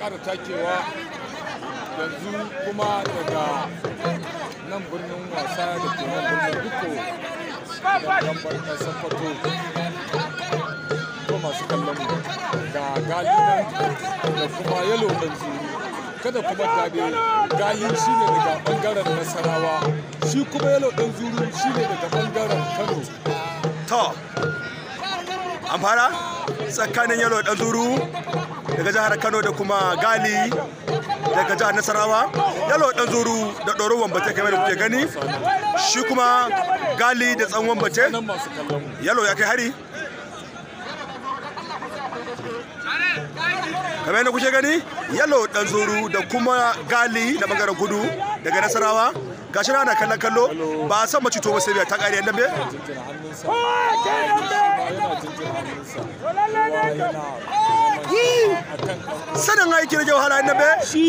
kara takewa yanzu kuma daga nan birnin wasa da ke nan birnin duko yankin birnin sokoto ko masu kallon mu da galinan da kuma yalo banzu kada kuma tabe galin shi ne daga bangaren nasarawa shi kuma yalo ɗan zuru shi ne daga bangaren kano to an fara tsakanin yalo ɗan zuru daga jihar Kano da kuma Gali daga jihar Nasarawa yalo dan zuru da doro wambate kamar da kuke gani shi kuma Gali da tsan wambate yalo ya kai hari kamar da kuke gani yalo dan zuru da kuma Gali da bangaren kudu daga Nasarawa gashi na kallon kallo ba san mace to ba sai ta kare dambe sanin aiki rage wahala dambe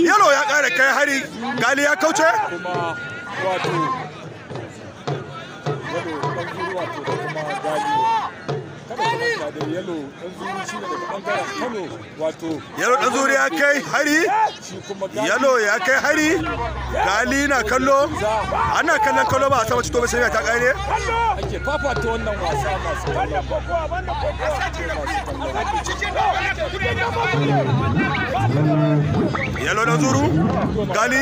yalo ya kare kai hari gali ya kauce wato wato wato kuma gali yalo dan zuri shi daga ya kai hari yalo ya kai hari gali na kallo ana kallon kallo ba a sama cito ba sai ta kare ake fafata yalo dan zuru gali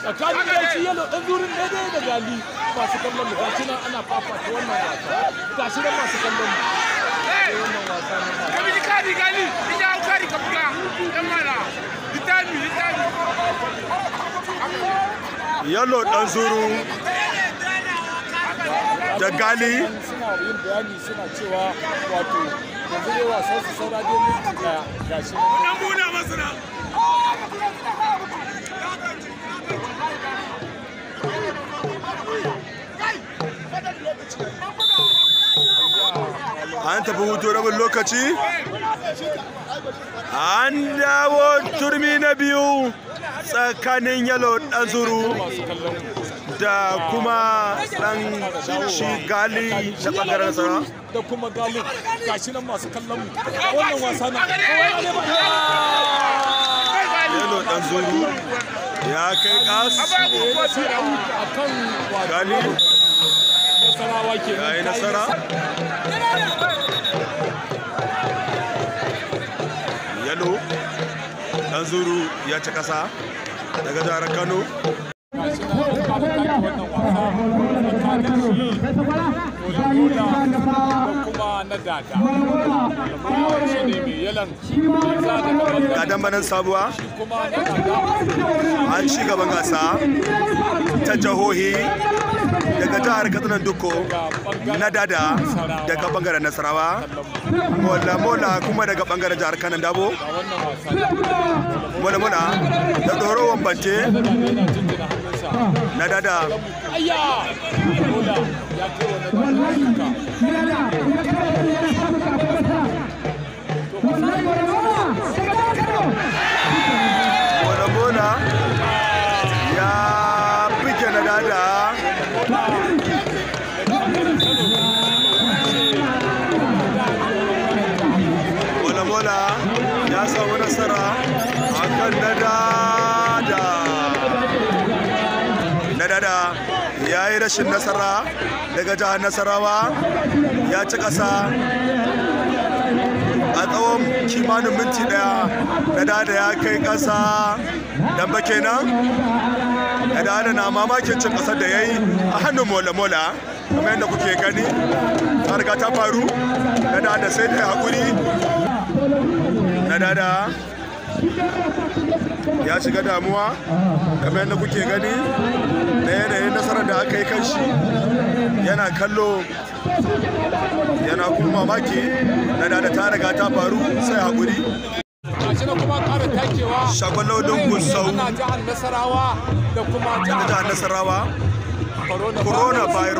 tsakanin yanci yalo ɗan zurin daidai da gali masu kallon mu gashi nan ana fafata wannan wasa gashi nan masu kallon mu eh, na kari gali ya kari ka buga ɗan yalo ɗan zuru da gali suna yin bayani suna cewa wato yanzu dai wasan su saura gashi nan. Wannan buna masu nan. an tafi hutu rabin lokaci an dawo turmi na biyu tsakanin yalo dan zuru da kuma dan shi gali da bangaren sa da kuma gali shi nan masu kallon wannan wasa na yalo dan zuru ya kai kas gali nasarawa ke yayi nasara yalo dan zuru ya ci kasa daga jihar kano ga dambanin sabuwa an ci gaban gasa ta jihohi jihar katsinan duko na dada daga bangaren nasarawa mola mola kuma daga bangaren jihar kanan dabo mola mola da tsoro wambance na dada wallahi rashin nasara daga jihar nasarawa ya ci ƙasa a tsawon kimanin minti daya da da ya kai ƙasa damba kenan da da na mamakin cin ƙasar da ya yi a hannun mola-mola kamar yadda kuke gani ta riga ta faru da da sai da haƙuri na da ya shiga damuwa kamar yadda kuke gani da yanayin nasarar da aka yi kan shi yana kallo yana kuma mamaki na da ta riga ta faru sai haƙuri na don gusau jihar nasarawa da kuma jihar nasarawa coronavirus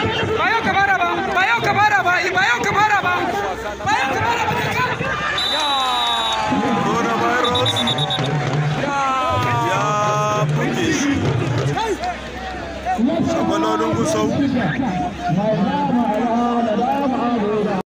Donon Gusau.